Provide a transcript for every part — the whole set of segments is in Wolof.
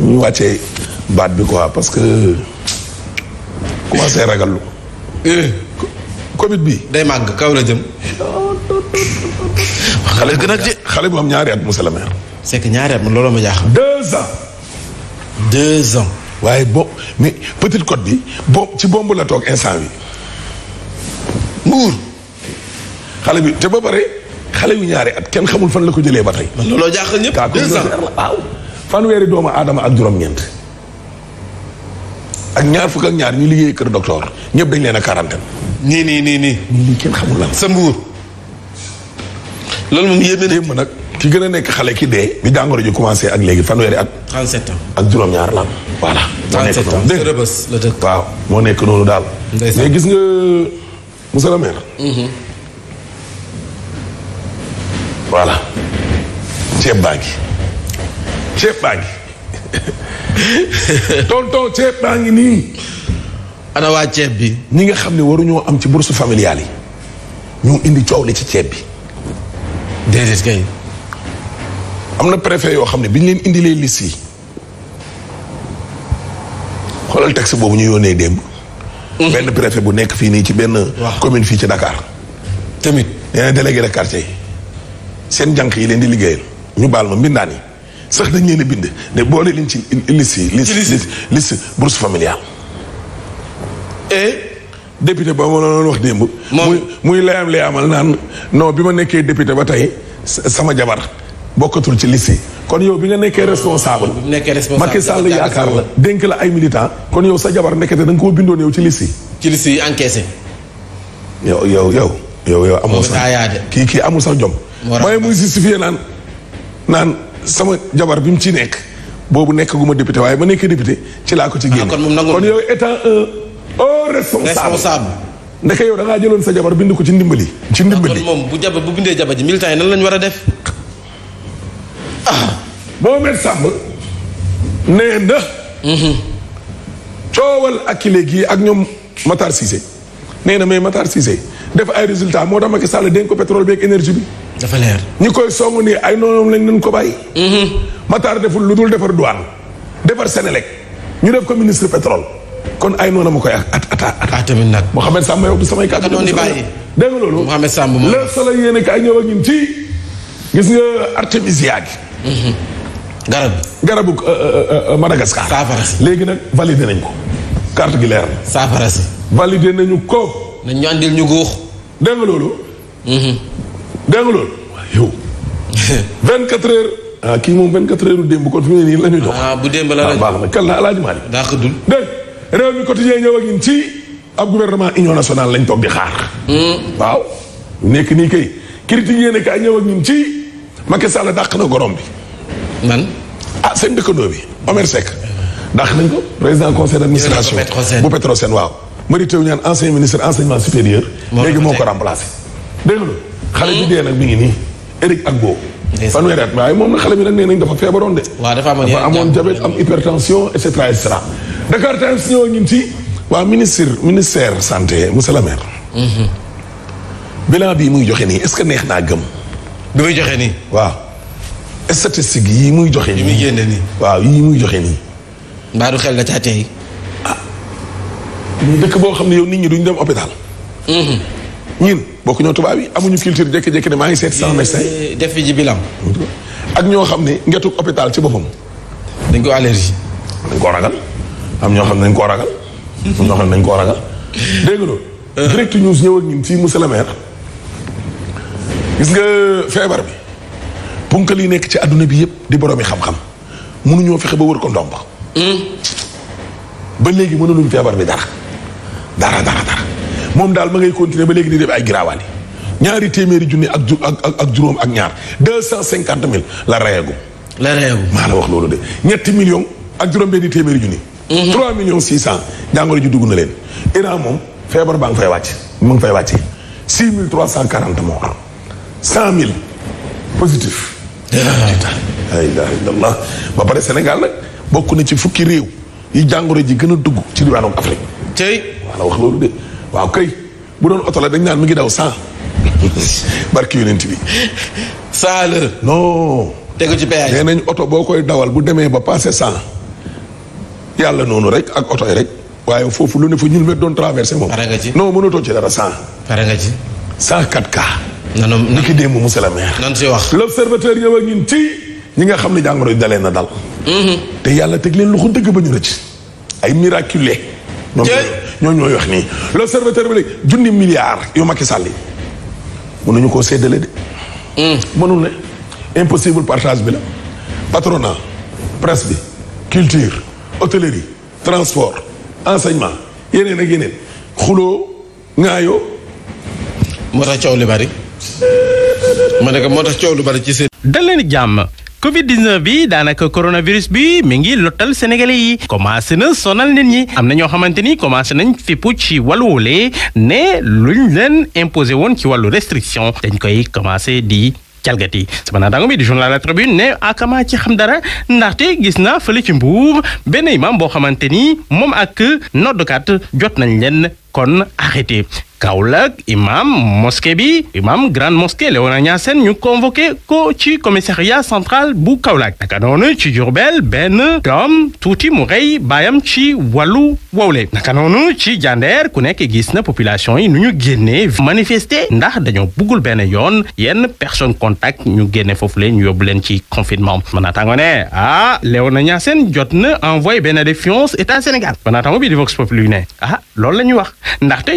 mu wàccee baat bi quoi parce que commencé ragallu eh, covid bi day màgg kaw la jëm. xale gën a ji xale bu ñaari at monsieur le maire. c'est que ñaari at man looloo ma jaaxal. deux ans. deux ans. waaye bo mais petite côte bi bo ci bomb la toog instant bi muur xale bi te ba pare xale yu ñaari at kenn xamul fan la ko jëlee ba tey. man looloo jaaxal ñëpp deux ans fanweeri doomu aadama ak juróom-ñeent ak ñaar fukk ak ñaar ñu liggéey kër docteur ñëpp dañ leen a quarantaine. nii nii nii nii. lii kenn xamul lan. sa mbuur loolu moom yéeme na. nag ki gën a nekk xale ki dee. bi jàngoro ji commencé ak léegi fanweeri at. 37 ak juróom-ñaar lan. voilà moo nekk noonu waaw moo nekk noonu daal. mais gis nga monsieur le maire. Mm-hmm. ceeb baa ngi. ceeb baa ngi tonton ceeb baa ngi nii. ana waa ceeb bi. ñi nga xam ne waruñoo am ci bourse familiale yi ñu indi coow li ci ceeb bi. déedéet kay. am na préfet yoo xam ne bi ñu leen indilee liste yi xoolal texte boobu ñu yónnee démb. Mhm. benn préfet bu nekk fii nii ci benn. commune fii ci Dakar. tamit nee na délégué de quartier yi. seen janq yi leen di liggéeyal. ñu baal ma mbindaan yi. sax dañ leen a bind ne boole liñ ci liste yi liste liste bourse familiale et député ba ma doon wax démb muy muy layam layamal naan non bi ma nekkee député ba tey sama jabar bokkatul ci liste kon yow bi nga nekkee responsable Macky Sall yaakaar la dénk la ay militant kon yow sa jabar nekkete da nga koo bindoon yow ci liste yi ci liste yi encaissé yow yow yow yow yow amoo sax kii kii amul sax jom waaye muy justifié naan naan sama jabar bi mu ci nekk boobu nekk gu ma député waaye ma nekk député ci laa ko ci génne ah, kon yow étant un haut responsable ndeke yow da ngaa jëloon sa jabar bind ko ci ndimbali ci ah, ndimbali moom bu jabar bu bindee jabar ji militant yi nan lañu war a def Mohamed ah. Samb nee na mhm. coowal ak kile gii ak ñoom Matar Cissé na mais Matar def ay résultat moo tax Macky Sall dénk ko pétrole bi ak énergie bi dafa leer ñi koy song nii ay noonu lañ leen ko bàyyi. Mhm. Matar deful lu dul defar douane defar Sénélec ñu def ko ministre pétrole kon ay noonu ma koy at ata ata ah, tamit nag Mouhamed Samb yow du samay kàddu noonu di bàyyi dégg nga loolu Mouhamed Samb moom la sala yéene kaay ñëw ak ñun ci gis nga artémisia gi mhm. garab garabu euh, euh, euh, Madagascar saafara si léegi nag valide nañ ko carte gi leer na saafara si validé nañu ko nañ ñu ñu góox dégg loolu mhm. dégg nga loolu yow. 24 heures ah, kii moom 24 heures démb kon fi mu ah, bu démb la la ah, baax na kal na alaaji Maalik. daa xëddul dégg réew ñëw ak ñun ci ab gouvernement nationale lañ toog di xaar. Hmm. waaw nekk nii kay critique yéen kaay ñëw ak ñun ci Macky Sall dàq na gorom bi. man ah seen dëkkandoo bi Omer Seck. dàq nañ ko président conseil d' administration bu Petrosen waaw. Mary Teuw Niane ministre enseignement supérieur. léegi moo ko remplacé. dégg nga xale bi dee nag mi ngi nii Eric ak boobu. fanweeri at waaye moom na xale bi nag nee nañ dafa feebaroon de. waaw dafa amoon dafa amoon diabète am hypertension et cetera et cetera. Dakar Times ñëw ñun ci. waa ministre ministère santé monsieur le maire. Mm-hmm. bilan bii muy joxe nii est-ce que neex naa gëm. bi muy joxe ni waaw statistiques yii muy joxe. nii muy génne nii. waaw yii muy joxe nii. mbaa xel la caa tey. ah. dëkk boo xam ne yow nit ñi duñ dem hôpital. Mm-hmm. ñun bokk ñoo tubaab yi amuñu culture jékki-jékki ne maa ngi seet sama médecin eh, def ji bilan ak ñoo xam ne ngetuk hôpital ci boppam dañ ko allergie dañ koo ragal am ñoo xam ne dañ koo ragal am ñoo dañ koo ragal dégg nga loolu euh. direct news ñëw ak fii monsieur le gis nga feebar bi punkal nekk ci àdduna bi yëpp di boroomi xam-xam mënuñoo fexe ba wër ko ndomb hmm? ba léegi mënuluñ feebar bi dara dara dara moom daal ma ngay continuer ba léegi di def ay giraawaali ñaari téeméeri junni ak ju ak ak juróom ak ñaar deux cent cinquante mille la rayagum. la rayagum maa la wax loolu de ñetti million ak juróom benni téeméeri junni. Mhm. trois millions six cent jàngoro ji dugg na leen. Iran moom feebar baa nga fay wàcc mu ngi fay wàcce six mille cent quarante morts cent mille positif. Ah. ba pare Sénégal nag bokk na ci fukki réew yi jàngoro ji gën a dugg ci diwaanu Afrique. tey maa la wax loolu de. waaw kay bu doon oto la dañ naan mu ngi daw cent barki yonent bi cent l'heure non tegu ci péage nee nañ oto boo koy dawal bu demee ba passé cent yàlla noonu rek ak oto yi rek waaye foofu lu ne fa ñun met doon traversé moom non mënatoo ci dara cent pare nga ci cent quatre cas ni ki démb monsieur le maire nan si wax l'observateur ñëw ak ñun ci ñi nga xam ne jàngoro yi dalee na dal mm-hmm. te yàlla teg leen loxo dëgg ba ñu rëcc ay miraculé ñoo ñooy wax nii l'observateur bi léegi junni milliards yu Macky Sall yi mënuñu koo séddale de hmm. mënul ne impossible partage bi la patronat presse bi culture hôtellerie transport enseignement yeneen ak yeneen xuloo ŋaayoo moo tax coow li bari ma ne ko moo tax coow lu bari ci seen. dal leen jàmm covid 19 bi daanaka coronavirus bi mi ngi lotal sénégalais yi commencé na sonal nit ñi am na ñoo xamante ni commencé nañ fippu ci wàllu woolee ne luñ leen imposé woon ci wàllu restriction dañ koy commencé di jalgati sama naataango bi di journal La Tribune ne akama ci xam dara ndaxte gis naa fële ci mbuur benn imam boo xamante ni moom ak noddukat jot nañ leen kon arrêté Kaolack imam mosquée bi imam grande mosquée Léona Niassène ñu convoqué ko ci commissariat central bu Kaolack naka noonu ci Diourbel benn doom tuuti mu rey baayam ci wàllu wowle na noonu ci jandeer ku nekk gis na population yi nu ñu génnee manifester ndax dañoo buggul benn yoon yenn personne contact ñu génne foofu leen ñu yóbbu leen ci confinement mën naa tàngoo ne ah jot na envoyé benn défiance état Sénégal mën naa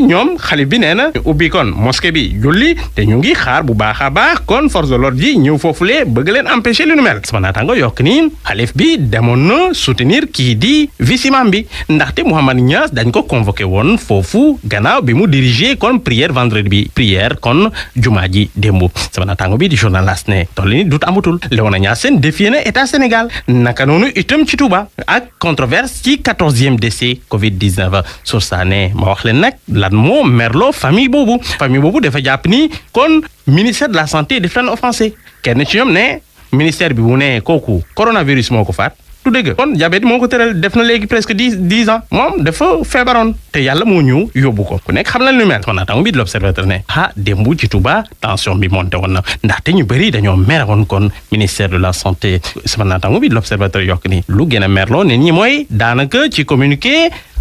ne ah, bi nee na ñu ubbi kon mosquée bi julli te ñu ngi xaar bu baax a baax kon force de l'ordre ji ñëw foofulee bëgg leen empêcher li nu mel sama naataango yokk ni xalif bi demoon na soutenir kii di vice imam bi ndaxte Mouhamad Niass dañ ko convoqué woon foofu gannaaw bi mu diriger kon prière vendredi bi prière kon jumaa ji démb sama naataango bi di journaliste ne toll ni dut amatul Léona Niassène défié na état Sénégal naka noonu itam ci Touba ak controverse ci quatorzième décès Covid 19 sur saa ne ma jàmmarloo famille boobu famille boobu dafa jàpp ni kon ministère de la santé daf leen offensé kenn ci ñoom ne ministère bi mu ne kooku coronavirus moo ko faat du dëgg kon diabète moo ko tëral def na léegi presque dix dix ans moom dafa feebaroon te yàlla moo ñu yóbbu ko ku nekk xam na lu mel sama naataango bi di l'observateur ne ah démb ci Touba tension bi monté woon na ndaxte ñu bëri dañoo meroon kon ministère de la santé sama naataango bi di l'observateur yokk ni lu gën a merloo nit ñi mooy daanaka ci communiqué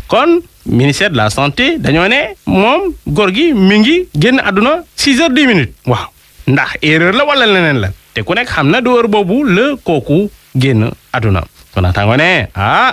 kon ministère de la santé dañoo ne moom góor gi mi ngi génn àdduna 6 heures 10 minutes waaw ndax erreur la walla leneen la te ku nekk xam na dóor boobu le kooku génn àdduna kon naataango ne ah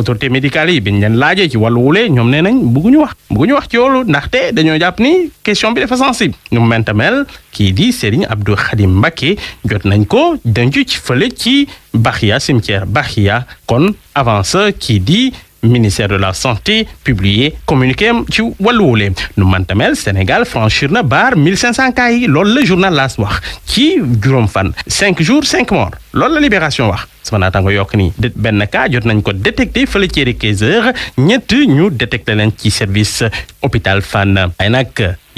autorité médicale yi biñ leen laajee ci wàllu wuule ñoom nee nañ bëgguñu wax bëgguñu wax ci loolu ndaxte dañoo jàpp ni question bi dafa sensible ñu mentamel kii di Serigne Abdou Khadim Mbacké jot nañ ko denc ci fële ci Baxiya cimetière Baxiya kon avance kii di ministère de la santé publié communiqué am ci wàllu woolee nu mantamel Sénégal franchir na barre 1500 cas yi loolu la journal L'As wax ci juróom fan cinq jours cinq morts loolu la Libération wax sama naataango yokk nii benn cas jot nañ ko détecté fële ci Régis ñett ñu détecté leen ci service hôpital Fann ay nag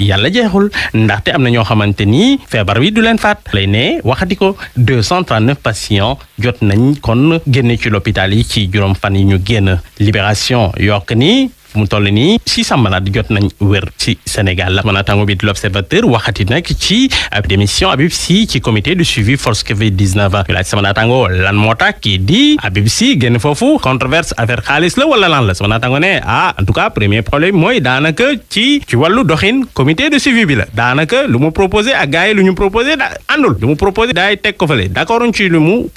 yàlla jeexul ndaxte am na ñoo xamante ni feebar wi du leen faat lay ne waxati ko 239 patients jot nañ kon génne ci l'hôpital yi ci juróom fan yi ñu génn libération yokk ni mu toll nii six cent malades jot nañ wér ci Sénégal la naataango bi di l'observateur waxati nag ci démission Habib Sy ci comité de suivi force covid 19 ñu laaj sama naataango lan moo tax kii di Habib Sy controverse affaire xaalis la wala lan la sama naataango ne ah en tout cas premier problème mooy daanaka ci ci doxin comité de suivi bi daanaka lu mu proposé ak gars lu ñu proposé da àndul lu mu proposé daay teg ko fële d'accord ci lu mu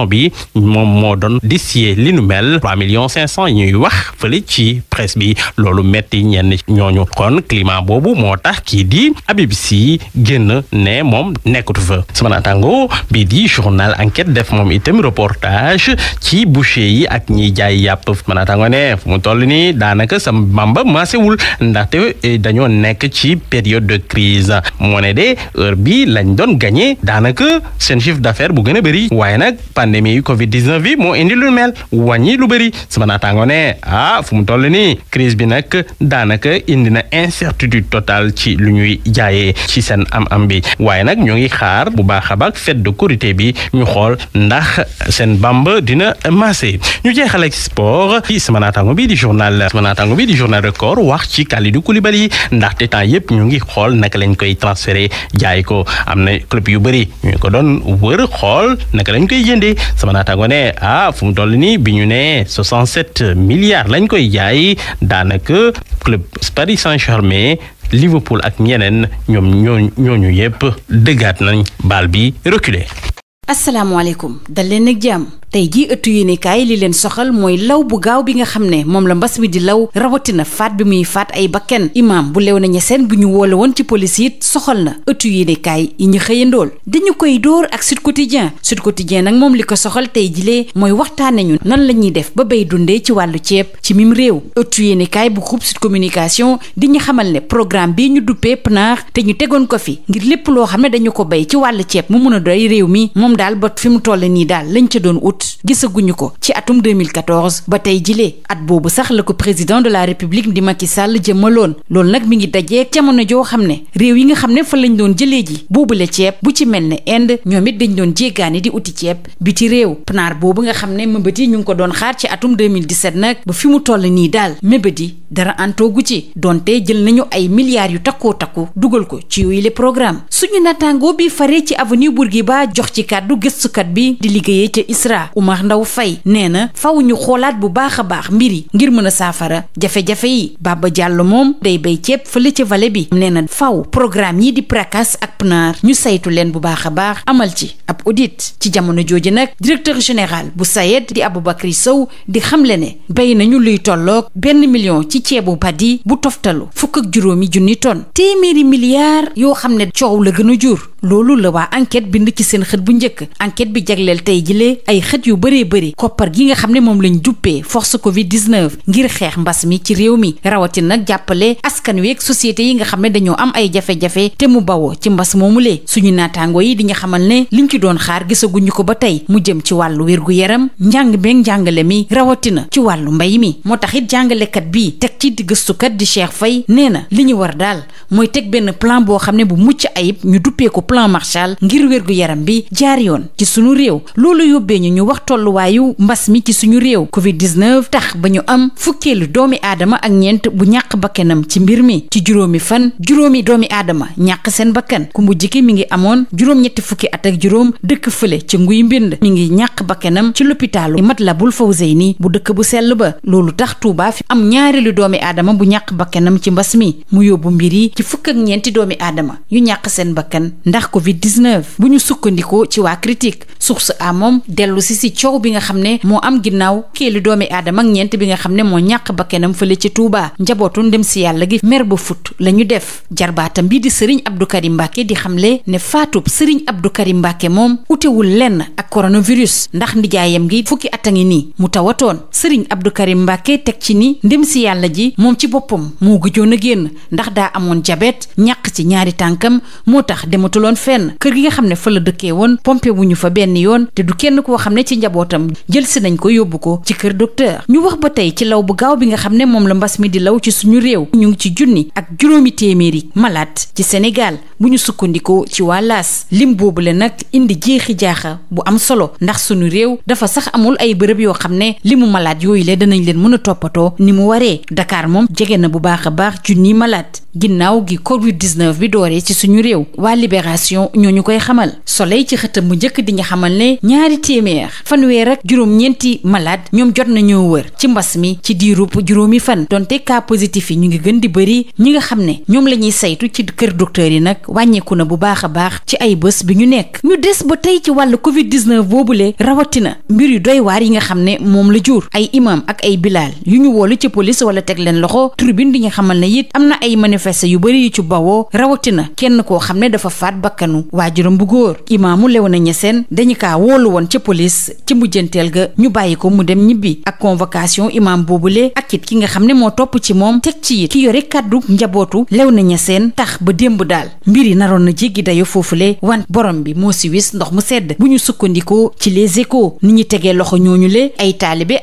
commission bi moom moo doon disier li nu mel trois millions cinq cent yi ñuy wax fële ci presse bi loolu metti ñenn ñooñu kon climat boobu moo tax kii di si Sy génn ne moom nekkatu fa sama naataango bii di journal enquête def moom itam reportage ci boucher yi ak ñiy jaay yàpp sama naataango ne fu mu toll nii daanaka sa bamba wul ndaxte eh, dañoo nekk ci période de crise moo ne de heure bi lañ doon gagné daanaka seen chiffre d'affaires bu gën a bëri waaye nag pandémie yi covid 19 bi moo indi lu mel wàññi lu bari sama naataango ne ah fu mu toll nii crise bi nag daanaka indi na incertitude totale ci lu ñuy jaayee ci seen am am bi waaye nag ñu ngi xaar bu baax a baax fête de bi ñu xool ndax seen bamba dina maase ñu jeexal ak sport ci sama naataango bi di journal sama naataango bi di journal record wax ci Kalidou Koulibaly ndaxte temps yëpp ñu ngi xool naka lañ koy transféré jaay ko am na club yu bëri ñu ko doon wër xool naka lañ bi sama naataango ne ah nii bi ñu ne 67 milliards lañ koy jaay daanaka club Paris Saint-Germain Liverpool ak ñeneen ñoom ñooñu ñooñu yëpp dëggaat nañ baal bi reculer. asalaamaaleykum dal leen ak jàmm. tey jii ëttu yéenekaay li leen soxal mooy law bu gaaw bi nga xam ne moom la mbas mi di law rawatina faat bi muy faat ay bakken imaam bu lew na ñeseen bu ñu woole woon ci police yi soxal na ëttu yéenekaay yi ñu xëyandool dañu koy dóor ak Sud Quotidien Sud Quotidien nag moom li ko soxal tey jilee mooy waxtaane ñu nan la ñuy def ba bay dundee ci wàllu ceeb ci mim réew ëttu yéenekaay bu groupe Sud Communication di ñu xamal ne programme bii ñu duppee PNAR te ñu tegoon ko fi ngir lépp loo xam ne dañu ko bay ci wàllu ceeb mu mun a doy réew mi moom daal mu nii daal lañ ca gisaguñu ko ci atum 2014 ba tey jilee at boobu sax la ko président de la république di Macky Sall jëmmaloon loolu nag mi ngi dajee jamono joo xam ne réew yi nga xam ne fa lañ doon jëlee ji boobule ceeb bu ci mel ne Inde ñoom it dañ doon jéggaani di uti ceeb bi ci réew panaar boobu nga xam ne mëbët yi ñu ngi ko doon xaar ci atum 2017 nag ba fi mu toll nii daal mëbët yi dara antoogu ci donte jël nañu ay milliards yu takkoo takku dugal ko ci yooyu le programme suñu nattaangoo bi faree ci avenue Bourguiba jox ci kàddu gëstukat bi di liggéeyee ca ISRA Oumar Ndaw Faye nee na faw ñu xoolaat bu baax a baax mbir yi ngir mën a saafara jafe-jafe yi Baba jàll moom day bay ceeb fële ci vallée bi nee na faw programme yi di PRACAS ak PNAR ñu saytu leen bu baax a baax amal ci ab audit ci jamono jooju nag directeur général bu SAED di abu yi Sow di xamle ne béy nañu luy tollook benn million ci ceebu padi bu toftalu fukk ak juróomi junni tonn téeméeri milliards yoo xam ne coow la gën a jur loolu la wa enquête bind ci seen xët bu njëkk enquête bi jagleel fajkat yu bëree bëri koppar gi nga xam ne moom lañ juppee force covid 19 ngir xeex mbas mi ci réew mi rawatina nag jàppale askan wi société yi nga xam ne dañoo am ay jafe-jafe te mu bawoo ci mbas moomulee suñu naataango yi di nga xamal ne liñ ci doon xaar gisaguñu ko ba tey mu jëm ci wàllu wér yaram njàng beeg njàngale mi rawatina ci wàllu mbay mi moo tax it jàngalekat bi teg ci di gëstukat di Cheikh fay nee na li ñu war daal mooy teg benn plan boo xam ne bu mucc ayib ñu duppee ko plan Marshall ngir wér yaram bi jaar yoon ci sunu réew loolu yóbbee ñu ñu wax tolluwaayu mbas mi ci suñu réew covid 19 tax ba ñu am fukkeelu doomi aadama ak ñeent bu ñàq bakkanam ci mbir mi ci juróomi fan juróomi doomi aadama ñàq seen bakkan ku mujj ki mi ngi amoon juróom-ñetti fukki at ak juróom dëkk fële ci nguy mbind mi ngi ñàq bakkanam ci mat la lopitaalu Matlaboul Fawzeyni bu dëkk bu sell ba loolu tax Touba fi am ñaareelu doomi aadama bu ñàq bakkanam ci mbas mi mu yóbbu mbir yi ci fukk ak ñeenti doomi aadama yu ñàq seen bakkan si coow bi nga xam ne moo am ginnaaw kii doomi aadama ak ñeent bi nga xam ne moo ñàkk bakkanam fële ci Touba njabootu ndem si yàlla gi mer ba fut la ñu def jarbaatam bi di sëriñ Abdou Karim Mbacke di xamle ne faatub sëriñ Abdou Karim Mbacke moom utewul lenn ak coronavirus ndax ndijaayam gi fukki attangi nii mu tawatoon sëriñ Abdou Karim Mbacke teg ci ni ndem si yàlla ji moom ci boppam moo gëjoon a génn ndax daa amoon jabet ñàkk ci ñaari tànkam moo tax dematuloon fenn kër gi nga xam ne fa dëkkee woon pompe wuñu benn yoon ne ci njabootam jël si nañ ko yóbbu ko ci kër docteur ñu wax ba tey ci law bu gaaw bi nga xam ne moom la mbas mi di law ci suñu réew ñu ngi ci junni ak juróomi téeméeri malaat ci Sénégal bu ñu sukkandikoo ci waa laas boobu boobule nag indi jeexi jaaxa bu am solo ndax suñu réew dafa sax amul ay bërëb yoo xam ne limu malaat yooyu le danañ leen mën a toppatoo ni mu waree Dakar moom jege na bu baax a baax junni malade ginnaaw gi covid 19 bi dooree ci suñu réew waa libération ñoo ñu koy xamal soleil ci xëtam bu njëkk di xamal ne ñaari téeméer fanweer ak juróom-ñeenti malade ñoom jot nañoo wër ci mbas mi ci diirub juróomi fan donte cas positif yi ñu ngi gën di bëri ñi nga xam ne ñoom la ñuy saytu ci kër docteur yi nag wàññeeku na bu baax a baax ci ay bés bi ñu nekk ñu des ba tey ci wàllu covid 19 boobule rawatina mbir yu doy waar yi nga xam ne moom la jur ay imam ak ay bilaal yu ñu woolu ci police wala teg leen loxo manifeste yu bëri yu ci bawoo rawatina kenn koo xam ne dafa faat bakkanu waajuram bu góor imaamu Léona Niassène dañu kaa woolu woon ca police ci mujjanteel ga ñu bàyyi ko mu dem ñibbi ak convocation imaam boobule ak it ki nga xam ne moo topp ci moom teg ci it ki yore kàddu njabootu Léona Niassène tax ba démb daal mbir yi naroon na jéggi foofu foofule wan borom bi moo si ndox mu sedd bu ñu sukkandikoo ci les échos ni ñu tegee loxo ñooñu le ay taalibe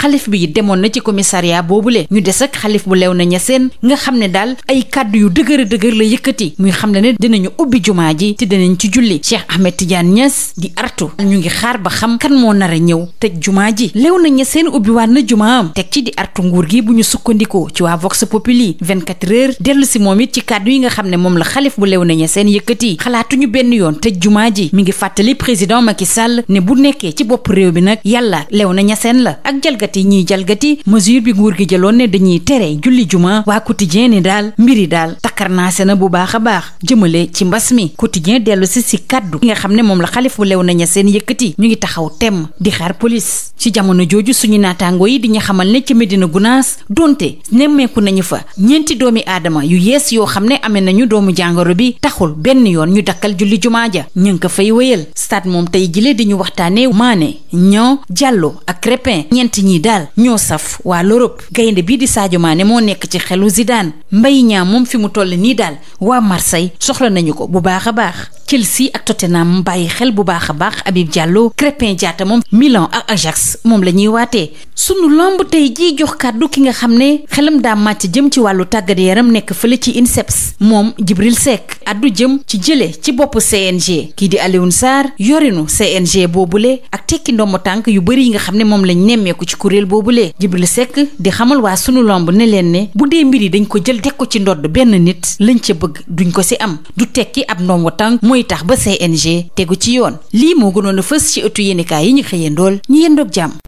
xalif bi demoon na ci boobu boobule ñu des ak xalif bu lew na ñaseen nga xam ne daal ay kàddu yu dëgër dëgër la yëkkati muy xam ne ne dinañu ubbi jumaa ji te dinañ ci julli Cheikh Ahmed Tidiane Niass di artu ñu ngi xaar ba xam kan moo nar ñëw tëj jumaa ji lew na ñaseen ubbiwaat na jumaam teg ci di artu nguur gi bu ñu sukkandikoo ci waa Vox Populi 24 heures dellu si moom it ci kàddu yi nga xam ne moom la xalif bu lew na ñaseen yëkkati xalaatuñu benn yoon tëj jumaa ji mi ngi fàttali président Macky Sall ne bu nekkee ci réew bi nag yàlla lew ñaseen la ak jalgati jalgat yi ñiy jalgati mesure bi nguur gi jëloon ne dañuy tere julli juma waa quotidien ni daal mbiri daal karnaase na bu baax a baax jëmale ci mbas mi quotidien dellu si si kàddu nga xam ne moom la xalifu lew naña seen yëkkati ñu ngi taxaw temm di xaar polis ci jamono jooju suñu naataangoo yi di ña xamal ne ci Medina Gunaas donte nemmeeku nañu fa ñeenti doomi aadama yu yees yoo xam ne amee nañu doomu jàngoro bi taxul benn yoon ñu dakkal julli jumaa ja ñu ngi ko fay wéyal stade moom tey jilee di ñu waxtaanee maane ñoo Diallo ak Crépin ñeent ñii daal ñoo sa waa l'Europe gaynde di Sadio Mané moo nekk ci xelu Zidane la nii daal waa Marseille soxla nañu ko bu baax a baax Chelsea ak Tottenham bàyyi xel bu baax a baax abi jàlloo Crépin Diatta moom Milan ak Ajax moom la ñuy waatee sunu lomb tey jii jox kàddu ki nga xam ne xelam daa màcc jëm ci wàllu tàggat yaram nekk fële ci INSEPS moom Jibril Seck addu jëm ci jële ci bopp CNG kii di Alioune Sarr yorinu CNG boobule ak tekki ndombo tànk yu bëri yi nga xam ne moom lañ nemmeeku ci kuréel boobu lee Jibril Seck di xamal waa sunu lomb ne leen ne bu dee mbir yi dañ ko jël teg ko ci ndodd benn nit lañ ca bëgg duñ ko si am du tekki ab ndombo tànk mooy tax ba CNG tegu ci yoon lii moo gënoon a fës ci ëttu yéenekaay yi ñu xëyandool ñu yendoog jàmm